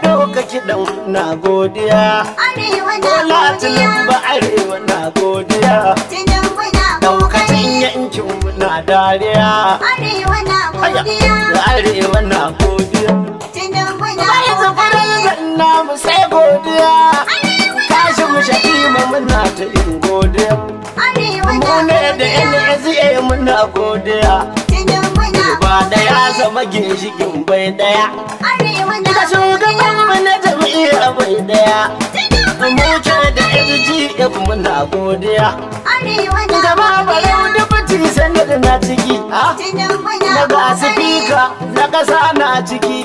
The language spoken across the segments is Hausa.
ka doka kiɗan na godiya. Arewa na godiya. Bola arewa na godiya. Tinubu na godiya. yankin na dariya. Arewa na godiya. Arewa na godiya. Tinubu na godiya. Bai zafarin zan namu sai godiya. Kashi mu shakima muna ta yin godiya. Arewa na godiya. Mu ne da NSA muna godiya. Tinubu na godiya. daya zama ginshikin bai daya da shugaban mana na bai daya Mucin da FGF muna godiya gaba barau dubuci sanar na ciki na ga sifika na ƙasa na ciki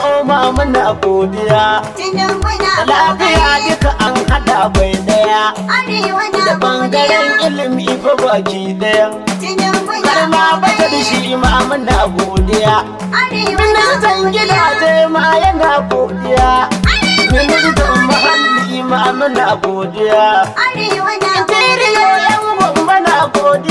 mana godiya jinin muna lafiya duka an hada bai daya arewa da bangaren ilimi fa baki daya jinin muna karma bata da shi ma mana godiya arewa ministan gidaje ma yana godiya ministan muhalli ma muna godiya arewa da bangaren ilimi fa na godiya.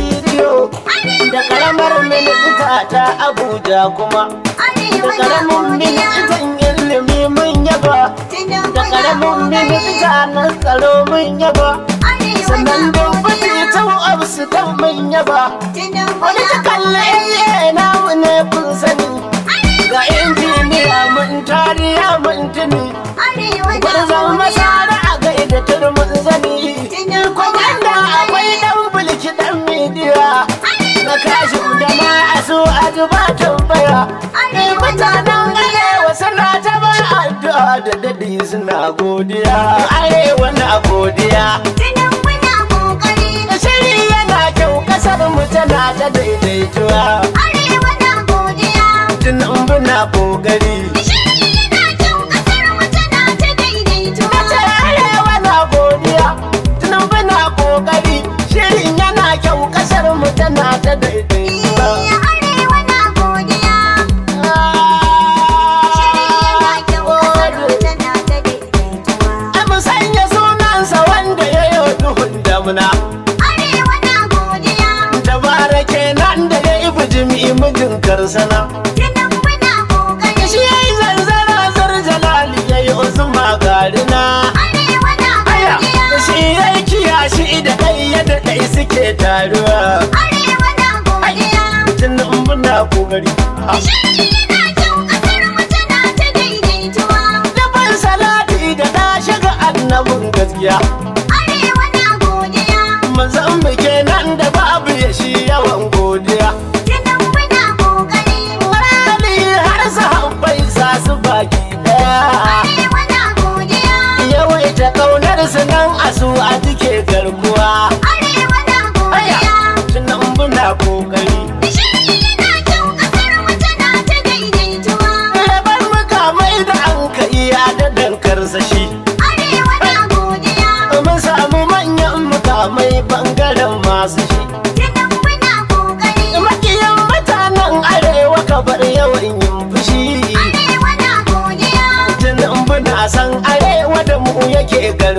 da karamar minista ta abuja kuma da karamin ministan ilimi mun yaba da karamin minista na tsaro mun yaba sannan dubu ta wasu ta mun yaba wani ta kalla iya na wani kun sani ga injiniya mun tariya mun tuni gwarzon masara a gaida turmun zani su kodiya. tambaya ai mutanen wa suna ta ba addu'a da dadi suna godiya arewa na godiya tunan muna kokari shiri yana kyau kasar mu tana ta daidaituwa arewa na godiya tunan muna kokari Tsirai kiyashi da ɗaya da ɗai suke taruwa. Arewa na godiya. Tunan muna kokari. Shirki yana kyau ƙasar mu tana ta daidaituwa. Dafan salati da ta shiga annabin gaskiya. kan asu a take garkuwa arewa na godiya tunan muna kokari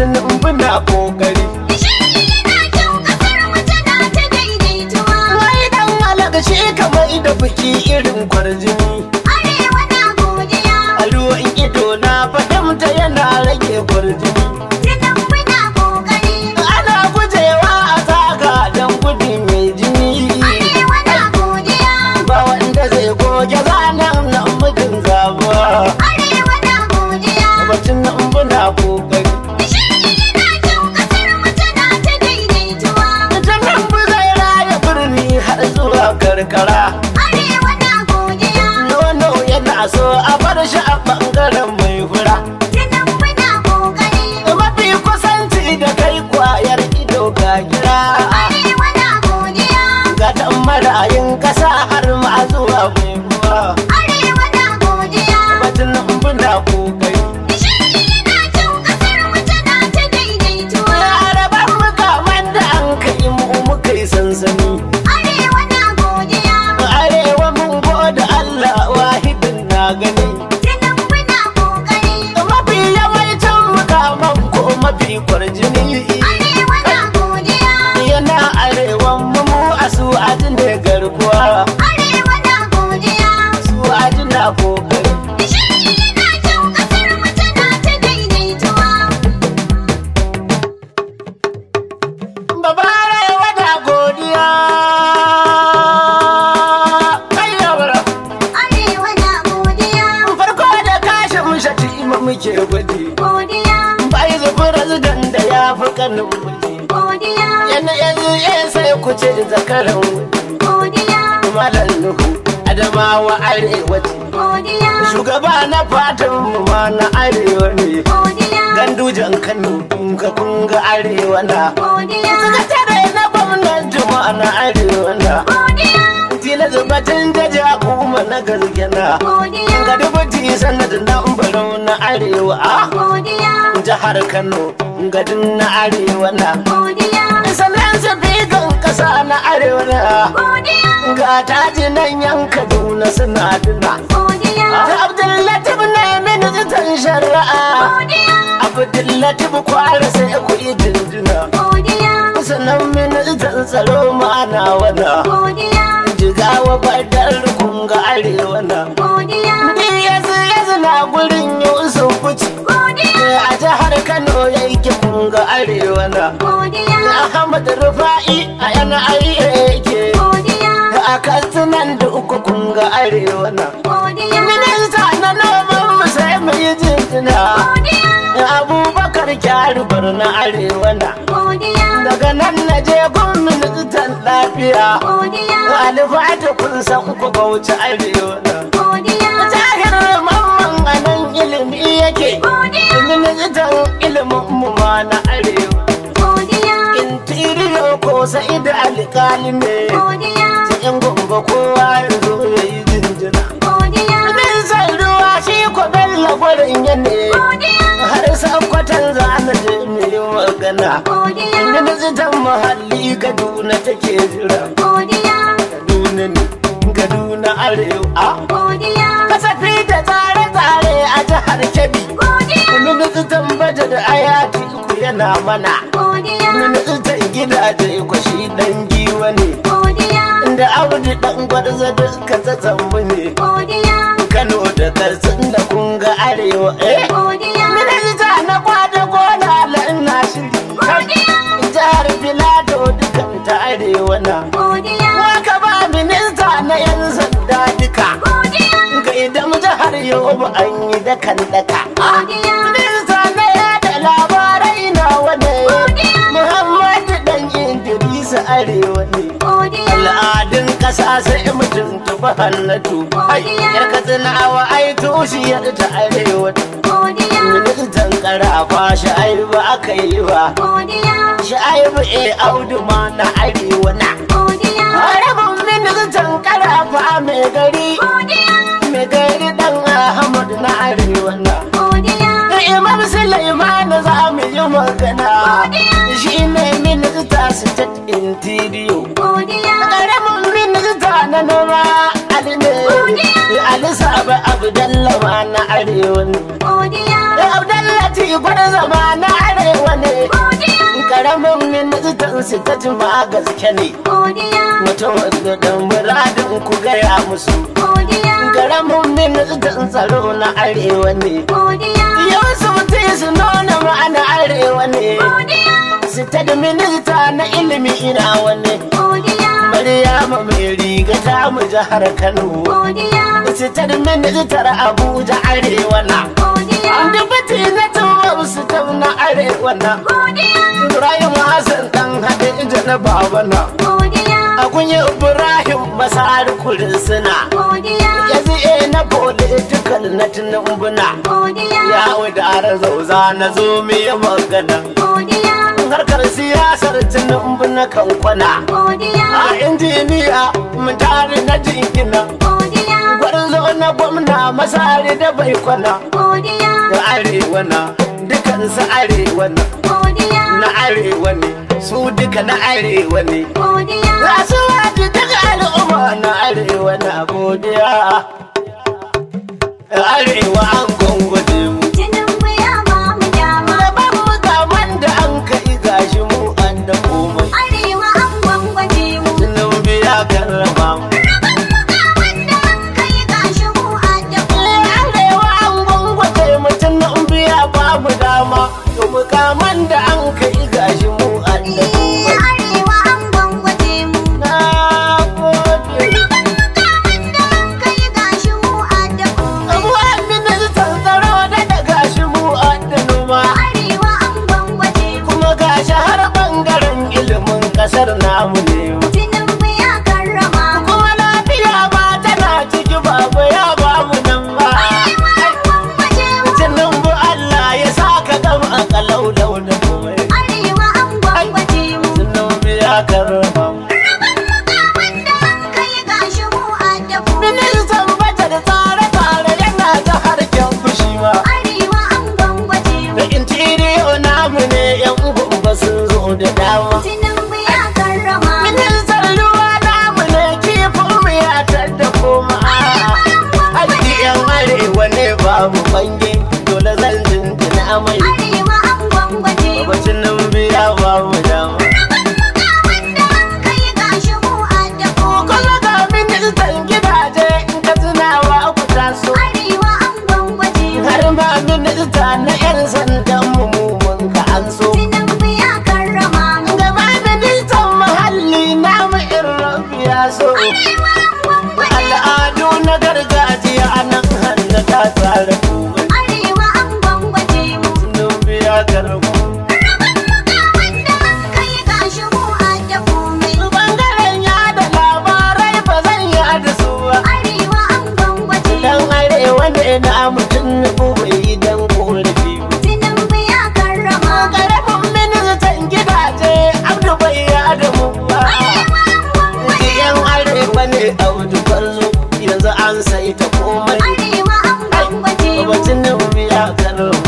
azumin muna kokari. Ishe yana jin kasar mace na ta daidaituwa. Wai dan malaka shi kamar da biki irin kwarjin. fatan mu ma na arewa ne gandujan kano kunga kunga arewa na suka sakatare na gwamnati ma na arewa na tila zubatin gaja kuma na gargana ga dubuti sanadin na umbarau na arewa a jihar kano gadin na arewa na sanansa biga kasa na arewa ga taji nan yanka duna suna duna ta abdullatif na ministan shari'a abdullatif kwara sai ku yi dinduna sanan ministan tsaro ma'ana wana jigawa badar rukun ga arewa na yasu yasu na gurin yusuf a jihar kan ki kunga arewa na godiya da Ahmad Rufa'i a yana arewa ke godiya da akasunan da uku kunga arewa na godiya minista na noman mu sai mu yi jinjina godiya da Abubakar Kyari na arewa na godiya daga nan na je gwamnan ministan lafiya godiya da Alifata kun san uku Bauchi arewa na godiya tahir mamman anan ilimi yake godiya ilimin ma na arewa intiriyo ko sai da alƙali ne ta yan gombe kowa ya zo ya yi jinjina ruwa shi ko bella gwarin ya ne har sakwatan za na je mu yi magana muhalli kaduna take jira kaduna ne arewa kasafi da tsare-tsare a jihar kebbi da ayati ku yana mana min gida gidaje ku shi dan giwa ne da audi dan gwarza da ka tsatsan mu ne Kano da Katsina da kun ga arewa eh minista na kwada gona la ina shiri jihar Filado dukan ta arewa na ka ba minista na yan sanda duka ga idan jihar ba an yi dakan daka arewaci al'adun ƙasa sai mutum tuba hannatu yar katsina awa ai tushiyar ta arewaci ministan karafa sha'ibu aka yi ba sha'ibu e eh, audu ma na arewa na harabin ministan karafa mai gari mai gari dan ahmad na arewa na imam Sulaiman za mu yi magana shi ne minista state interior ƙaramin minista na noma alime alisaba ma na arewa ne abdallati gwada zama na arewa ne karamin ministan su ta jima gaske ne mutum da dan muradin ku gaya musu karamin ministan tsaro na arewa ne yau su mutum su nuna ma'ana arewa ne su ta da minista na ilimi ina wani Maryama mai riga ta mu jihar Kano. Sitar ministar Abuja Arewa na. Dubati na tawar su na Arewa na. Ibrahim Hassan dan haɗe ija na babana. Godiya. A kunye Ibrahim Masa'ar kurin suna. Godiya. Yanzu eh na bole dukkan na tunubuna. Godiya. Ya wuda ara zauza na zo mu yi magana. Godiya. Harkar siyasar tunubuna kan kwana. Godiya. A injiniya mun tare na jingina. Godiya. Gwarin zo na gwamna Masa'ar da bai kwana. Godiya. Da arewa na. Dukansu arewa na. na arewa ne su duka na arewa ne za su ta daga al'umma na arewa na godiya arewa an my I'll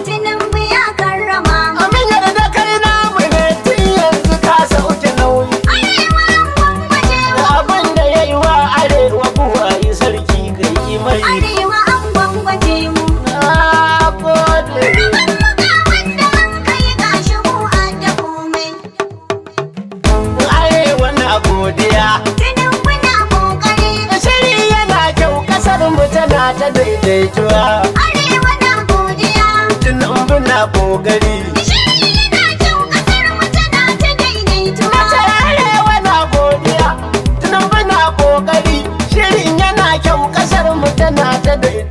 muna godiya tunin muna kokari shiri yana kyau kasar mu tana ta daidaituwa arewa na godiya tunin muna kokari shiri yana kyau kasar mu tana ta daidaituwa arewa na godiya tunin muna kokari shirin yana kyau kasar mu tana ta daidaituwa